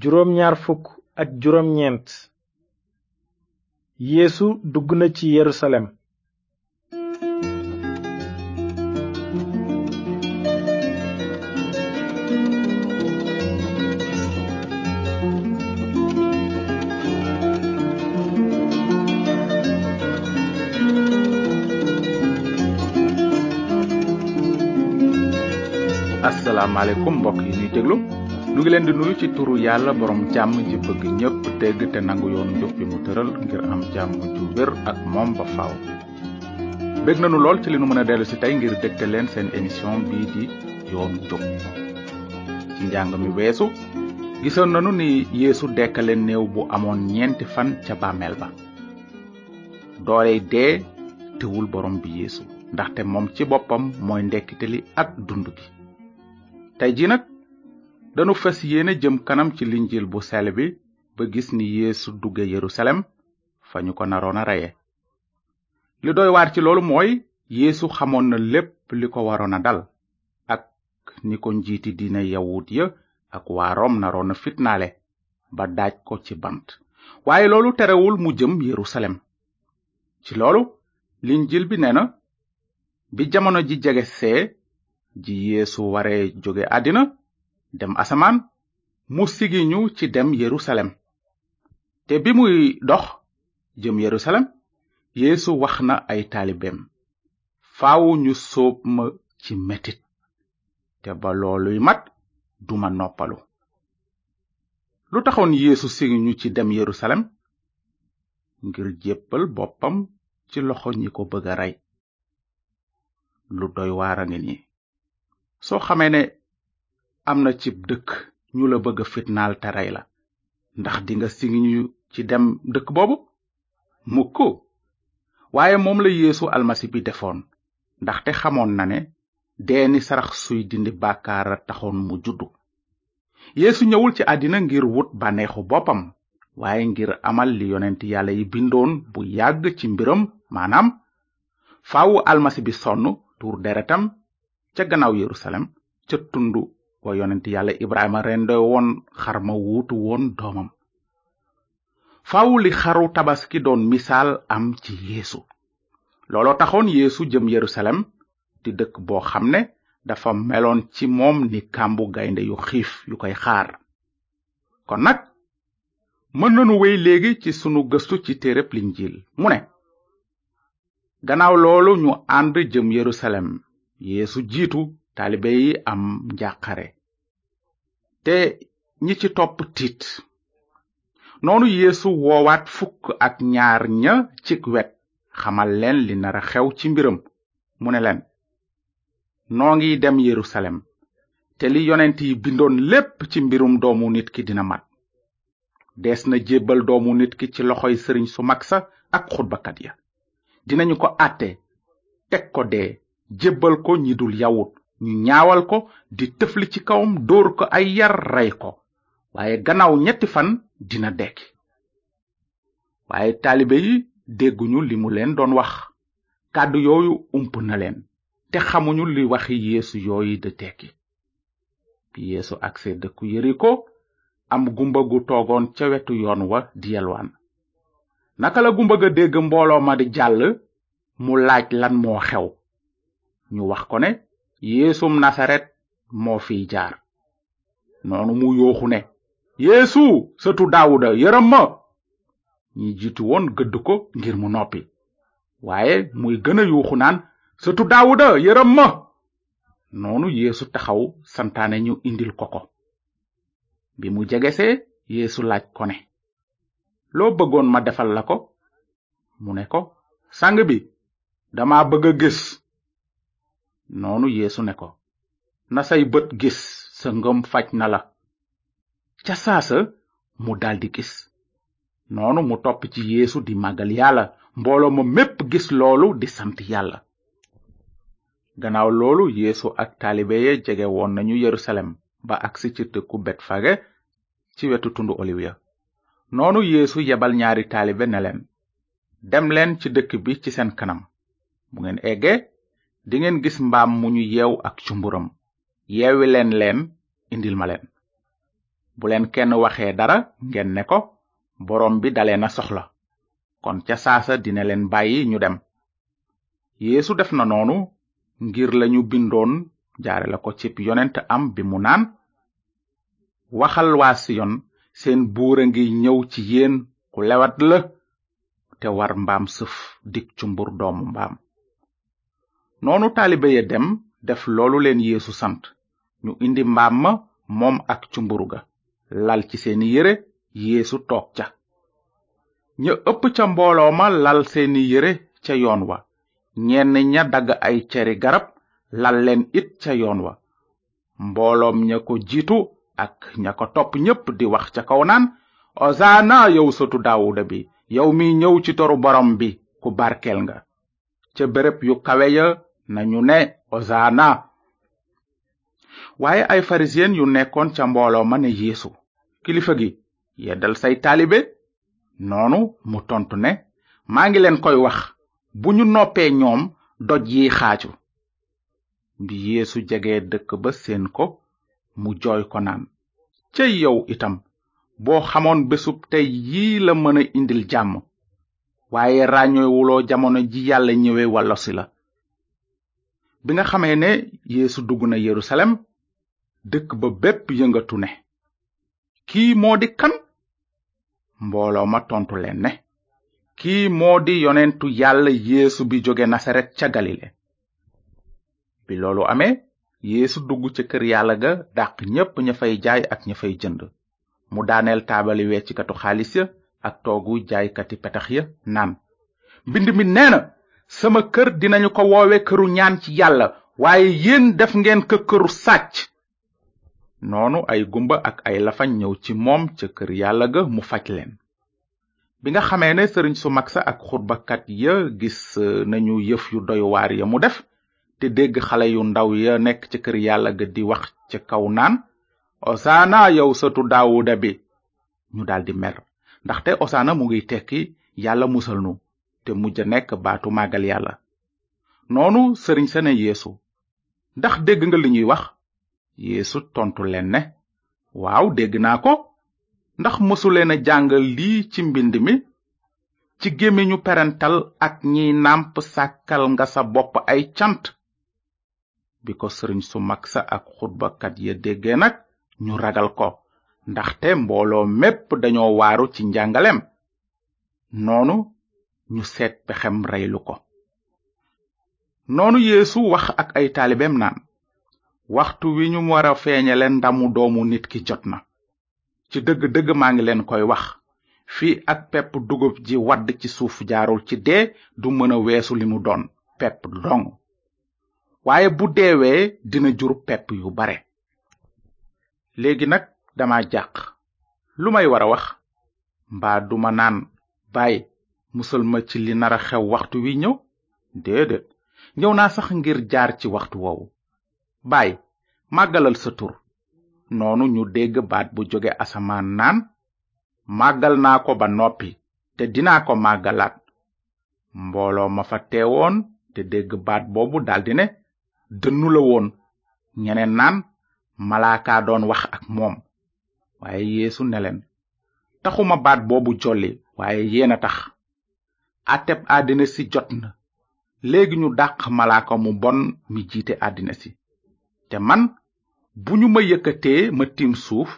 juróom ñaar fukk dugg na ci yerusalem asalaamaaleykum mbokk yi ñuy déglu nu ngi leen di nuyu ci turu yàlla boroom jàmm ji bëgg ñépp dégg te nangu yoonu njub bi mu tëral ngir am jàmm ju wér ak moom ba faaw. bég nañu lool ci li nu mën a dellu si tey ngir dégte leen seen émission bii di yoonu njub ci njàng mi weesu gisoon nañu ni yéesu dekkale néew bu amoon ñeenti fan ca bàmmeel ba dooley dee tewul borom bi yeesu ndaxte moom ci boppam mooy ndekkite li ak dund gi tey ji nag danu fas yéene jëm kanam ci linjil bu sel bi ba gis ni yeesu dugge yerusalem fa ñu ko naroon a reye li doy waar ci loolu mooy yéesu xamoon na lépp li ko waroon a dal ak ni ko njiiti diina yawut ya ak waaroom Room naroon a fitnaale ba daaj ko ci bant waaye loolu terewul mu jëm yerusalem ci loolu linjil bi nee na bi jamono ji jege see ji yeesu waree jóge àddina dem asamaan mu sigiñu ci dem yerusalem te bi muy dox jëm yerusalem yeesu wax na ay taalibeem faaw ñu sóob ma ci metit te ba looluy mat duma noppalu lu taxoon yeesu sigiñu ci dem yerusalem ngir jébbal boppam ci loxo ñi ko bëgg a rey lu doy waara ngi soo xamee ne am na cib dëkk ñu la bëgg a fitnaal te la ndax dinga sigiñu ci dem dëkk boobu mukk waaye moom la yéesu almasi bi defoon ndaxte xamoon na ne dee ni sarax suy dindi bàkkaar a taxoon mu juddu yéesu ñëwul ci àddina ngir wut bànneexu boppam waaye ngir amal li yonent yàlla yi bindoon bu yàgg ci mbiram maanaam faawu almasi bi sonn tuur deretam ca gannaaw yerusalem ca tundu wa yonent yàlla ibrahima rendo woon xar ma wuutu woon doomam faaw li xaru tabaski doon misaal am ci yéesu looloo taxoon yéesu jëm yerusalem di dëkk boo xam ne dafa meloon ci moom ni kàmbu gaynde yu xiif yu koy xaar kon nag mën nanu wey léegi ci sunu gëstu ci téereb linjiil mu ne gannaaw loolu ñu ànd jëm yerusalem yeesu jiitu taalibe yi am njàqare te ñi ci topp tiit noonu yeesu woowaat fukk ak ñaar ña ci wet xamal leen li nar a xew ci mbiram mu ne leen noo ngi dem yerusalem te li yonent yi bindoon lépp ci mbirum doomu nit ki dina mat des na jébbal doomu nit ki ci loxoy sëriñ su mag sa ak xutbakat ya dinañu ko àtte teg ko dee jébbal ko ñi dul yawut ñu ñaawal ko di tëfli ci kawam dóor ko ay yar rey ko waaye gannaaw ñetti fan dina dekki waaye taalibe yi dégguñu li mu leen doon wax kàddu yooyu ump na leen te xamuñu li waxi yeesu yooyu di tekki bi yeesu agsee dëkku yeriko am gumba gu toogoon ca wetu yoon wa di yelwaan naka la gumba ga dégg mbooloo ma di jàll mu laaj lan moo xew ñu wax ko ne yéesum nasaret moo fi jaar noonu mu yooxu ne yéesu sëtu daawuda yërëm ma ñi jiitu woon gëdd ko ngir mu noppi waaye muy gën a yuuxu naan sëtu daawuda yërëm ma noonu yéesu taxaw santaane ñu indil ko ko bi mu jegesee yéesu laaj kone loo bëggoon ma defal la ko mu ne ko sang bi dama bëgg a gis noonu yéesu ne ko na say bët gis sa ngëm faj na la ca saasa mu daldi gis noonu mu topp ci yéesu di màggal yàlla mbooloo ma mépp gis loolu di sant yàlla gannaaw loolu yéesu ak taalibe ya jege woon nañu yerusalem ba agsi ci dëkku betfage ci wetu tundu oliw ya noonu yéesu yebal ñaari taalibe ne leen dem ci dëkk bi ci seen kanam bu ngeen egge dingeen gis mbaam mu nu yeew ak cumburam yeewi leen leen indil ma leen bu leen kenn waxee dara ngeen ne ko boroom bi daleena soxla kon ca saasa dina leen bàyyi ñu dem yeesu def na noonu ngir lañu bindoon jaare ko cib yonent am bi mu naan waxal waa siyon seen buur a ngi ñëw ci yéen ku lewat la te war mbaam sëf dig cumbur doomu mbaam noonu taalibe ya dem def loolu leen yéesu sant ñu indi mbaam ma moom ak cumburu ga lal ci seeni yére yéesu toog ca ña ëpp ca mbooloo ma lal seeni yére ca yoon wa ñenn ña dagg ay ceri garab lal leen it ca yoon wa mbooloom ña ko jiitu ak ña ko topp ñépp di wax ca kaw naan osaana yow sëtu daawuda bi yow mi ñëw ci toru borom bi ku barkel nga ca béréb yu kawe ya nañu ne osaana waaye ay farisiyen yu nekkoon ca mbooloo ma ne yeesu kilifa gi yeddal say taalibe noonu mu tontu ne maa ngi leen koy wax bu ñu noppee ñoom doj yi xaaju bi yeesu jege dëkk ba seen ko mu jooy ko naan cey yow itam boo xamoon bésub tey yii la mën a indil jàmm waaye ràññewuloo jamono ji yàlla ñëwe wallosi la bi nga xamee ne yéesu dugg na yerusalem dëkk ba bépp yëngatu ne kii moo di kan mbooloo ma tontu leen ne kii moo di yonentu yàlla yéesu bi jóge nasaret ca galile bi loolu amee yeesu dugg ca kër yàlla ga dàq ñépp ña fay jaay ak ña fay jënd mu daaneel taabali weccikatu xaalis ya ak toogu jaaykati petax ya naan mbind mi nee sama kër dinañu ko woowe këru ñaan ci yàlla waaye yéen def ngeen ko këru sàcc noonu ay gumba ak ay lafañ ñëw ci moom ca kër yàlla ga mu faj leen bi nga xamee ne sëriñ su mag sa ak xutbakat ya gis euh, nañu yëf yu doy ya mu def te dégg xale yu ndaw ya nekk ci kër yàlla ga di wax ca kaw naan osaana yow sëtu daawuda bi ñu daldi mer ndaxte osaana mu ngi tekki yàlla musal nu te mujj a nekk baatu màggal yàlla noonu sëriñ sa ne yeesu ndax dégg nga li ñuy wax yéesu tontu leen ne waaw dégg naa ko ndax mësuleen a jàngal lii ci mbind mi ci gémmiñu perantal ak ñiy nàmp sàkkal nga sa bopp ay cant bi ko sëriñ su mag sa ak xutbakat ya déggee nag ñu ragal ko ndaxte mbooloo mépp dañoo waaru ci njàngaleem noonu ñu seet pexem ko noonu yeesu wax ak ay taalibeem naan waxtu wi ñu wara feeñale ndamu doomu nit ki jot na ci dëgg dëgg maa ngi leen koy wax fii ak pepp dugub ji wadd ci suuf jaarul ci dee du mën a weesu li mu doon pepp dong waaye bu deewee dina jur pepp yu bare léegi nag dama jàq lu may wara wax mbaa duma naan baay musal ma ci li nar a xew waxtu wi ñëw déedéet ñëw naa sax ngir jaar ci waxtu woowu baay màggalal sa tur noonu ñu dégg baat bu jóge asamaan naan màggal naa ko ba noppi te dinaa ko màggalaat mbooloo ma fa teewoon te dégg baat boobu daldi ne dënnula woon ñeneen naan malaakaa doon wax ak moom waaye yéesu ne taxuma baat boobu jolli waaye yéen a tax ateb àddina si jot na léegi ñu dàq malaaka mu bon mi jiite àddina si te man bu ñu ma yëkkatee ma tiim suuf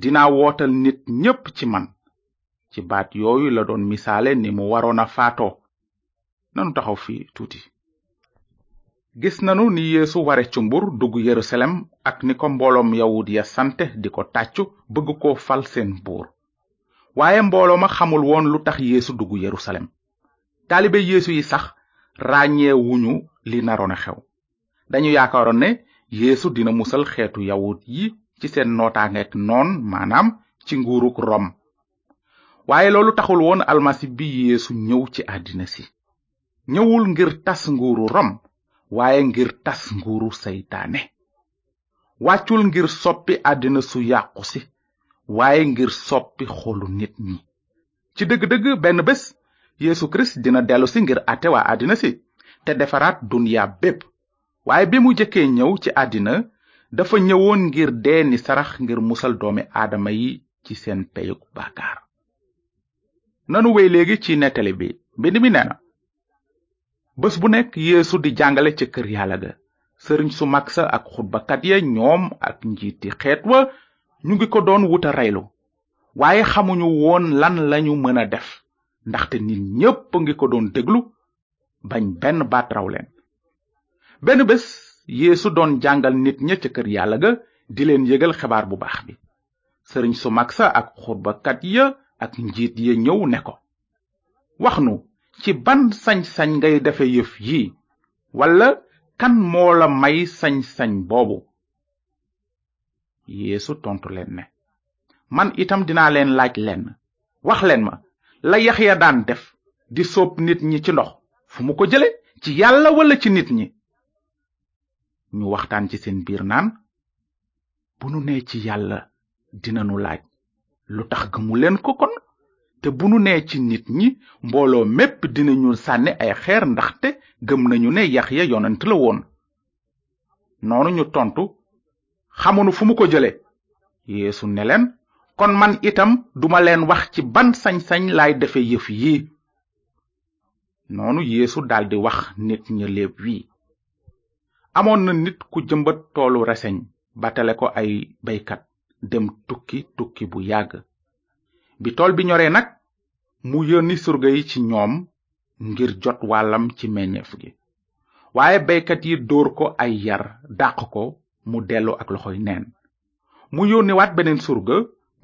dinaa wootal nit ñépp ci man ci baat yooyu la doon misaale ni mu waroon a faatoo nanu taxaw fi tuuti gis nanu ni yeesu ware cumbur dugg yerusalem ak ni ko mbooloom yawut ya sante di ko tàccu bëgg ko fal seen buur waaye mbooloo ma xamul woon lu tax yéesu dugg yerusalem taalibe yéesu yi sax ràññeewuñu li naroon a xew dañu yaakaaroon ne yeesu dina musal xeetu yawut yi ci seen nootaangeek noon maanaam ci nguuruk rom waaye loolu taxul woon almasi bi yeesu ñëw ci àddina si ñëwul ngir tas nguuru rom waaye ngir tas nguuru seytaane wàccul ngir soppi àddina su yàqu si waaye ngir soppi xolu nit ñi ci dëgg-dëgg benn bés yéesu kirist dina dellusi ngir àtte waa àddina si te defaraat dunyaa bépp waaye bi mu jëkkee ñëw ci àddina dafa ñëwoon ngir dee ni sarax ngir musal doomi aadama yi ci seen peyug bàkkaar nanu wey léegi ci nettali bi mbind mi nee bés bu nekk yéesu di jàngale ca kër yàlla ga sëriñ su mag sa ak xutbakat ya ñoom ak njiiti xeet wa ñu ngi ko doon wuta reylu waaye xamuñu woon lan lañu mën a def ndaxte nit ñépp a ngi ko doon déglu bañ benn baat raw leen benn bés yeesu doon jàngal nit ña ca kër yàlla ga di leen yëgal xibaar bu baax bi sëriñ su mag sa ak xutbakat ya ak njiit ya ñëw ne ko wax nu ci ban sañ-sañ ngay defe yëf yii walla kan moo la may sañ-sañ boobu yeesu tontu leen ne man itam dinaa leen laaj lenn wax leen ma la yaxya daan def di soob nit ñi ci ndox fu mu ko jële ci yàlla walla ci nit ñi ñu waxtaan ci seen biir naan bu nu nee ci yàlla dinanu laaj lu tax gëmu leen ko kon te bu nu nee ci nit ñi mbooloo mépp dina ñuul sànni ay xeer ndaxte gëm nañu ne yaxya yonent la woon noonu ñu tontu nu fu mu ko jële yeesu ne leen kon man itam duma leen wax ci ban sañ-sañ laay defe yëf yii noonu yéesu daldi wax nit ña léeb wi amoon na nit ku jëmbat toolu reseñ batale ko ay baykat dem tukki tukki bu yàgg bi tool bi ñoree nag mu yónni surga yi ci ñoom ngir jot wàllam ci meññeef gi waaye baykat yi dóor ko ay yar dàq ko mu dellu ak loxoy neen mu yónniwaat beneen surga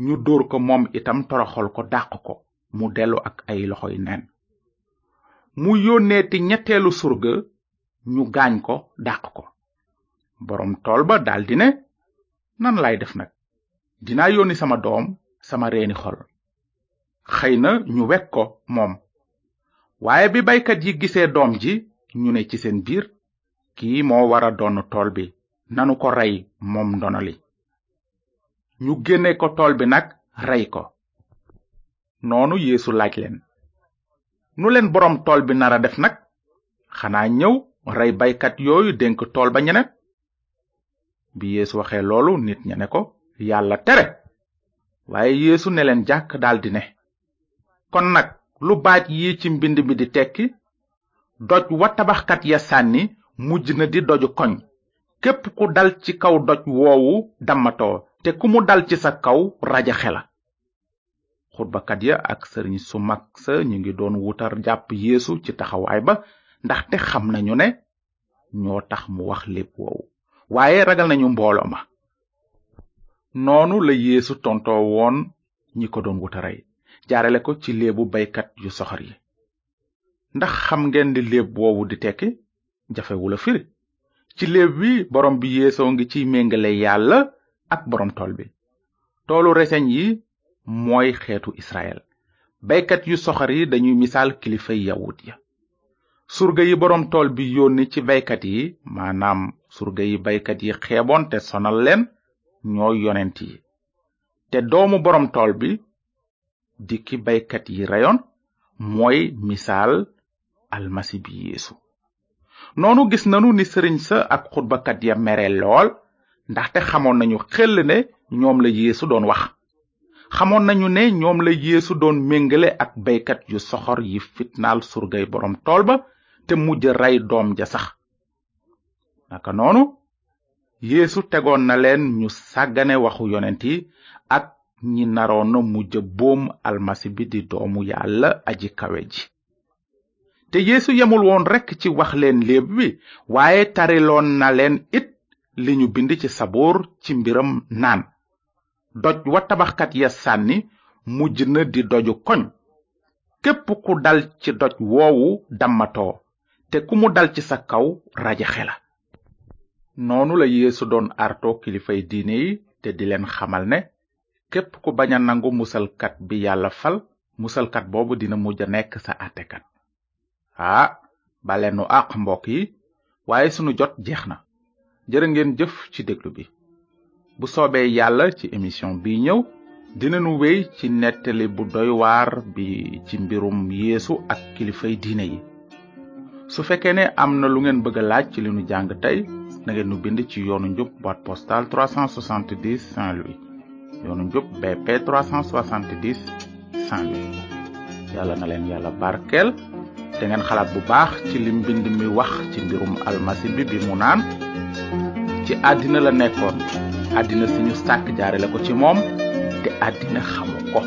ñu dóor ko moom itam toroxol ko dàq ko mu dellu ak ay loxo loxoy neen mu yónneeti ñetteelu surga ñu gaañ ko dàq ko boroom tool ba daldi ne nan laay def nag dinaa yónni sama doom sama reeni xol xëy na ñu wek ko moom waaye bi baykat yi gisee doom ji ñu ne ci seen biir kii moo wara doon tool bi nanu ko rey moom ndonali ñu génne ko tool bi nag rey ko noonu yéesu laaj leen nu leen boroom tool bi nar a def nag xanaa ñëw rey baykat yooyu dénk tool ba ñeneen bi yéesu waxee loolu nit ña ne ko yàlla tere waaye yéesu ne leen jàkk daldi ne kon nag lu baat yi ci mbind mi di tekki doj wa tabaxkat ya sànni mujj na di doju koñ képp ku dal ci kaw doj woowu dammatoo te ku mu dal ci sa kaw rajaxe la xutbakat ya ak sëriñ su mag sa ñu ngi doon wutar jàpp yeesu ci taxawaay ba ndaxte xam nañu ne ñoo tax mu wax lépp woowu waaye ragal nañu mbooloo ma noonu la yéesu tontoo woon ñi ko doon wutaray jaarale ko ci léebu baykat yu soxor yi ndax xam ngeen li léeb woowu di tekki jafewula firi ci léeb wi borom bi yéesoo ngi ciy méngale yàlla ak boroom tool bi toolu reseñ yi mooy xeetu israel baykat yu soxor yi dañuy misaal kilifa yawut ya surga yi boroom tool bi yónni ci baykat yi maanaam surga yi baykat yi xeeboon te sonal leen ñoo yonent yi te doomu boroom tool bi dikki baykat yi reyoon mooy misaal almasi bi yeesu noonu gis nanu ni sëriñ sa ak xutbakat ya mere lool ndaxte xamoon nañu xel ne ñoom la yeesu doon wax xamoon nañu ne ñoom la yeesu doon méngale ak baykat yu soxor yi fitnaal surgay boroom tool ba te mujj rey doom ja sax naka noonu yéesu tegoon na leen ñu sàggane waxu yonent yi ak ñi naroon a mujj boom almasi bi di doomu yàlla aji kawe ji te yeesu yemul woon rekk ci wax leen léeb bi waaye tariloon na leen it li ñu bind ci saboor ci mbiram naan doj wa tabaxkat ya sànni mujj na di doju koñ képp ku dal ci doj woowu dammatoo te ku mu dal ci sa kaw rajaxe la noonu la yeesu doon arto kilifay diine yi te di leen xamal ne képp ku bañ a nangu musalkat bi yàlla fal musalkat boobu dina mujj a nekk sa àttekat ah bale nu àq mbokk yi waaye sunu jot jeex na jërë ngeen jëf ci déglu bi bu soobee yàlla ci émission bi ñëw dinañu wéy ci nettali bu doy waar bi ci mbirum yéesu ak kilifay diine yi su fekkee ne am na lu ngeen bëgg a laaj ci li jàng tey nangeen ngeen nu bind ci yoonu njub boîte postale 370 Saint-Louis yoonu njub BP 370 Saint-Louis yàlla na leen yàlla barkeel da ngeen xalaat bu baax ci li mbind mi wax ci mbirum almasi bi bi mu naan ci àddina la nekkoon àddina si ñu sàkk la ko ci moom te àddina xamu ko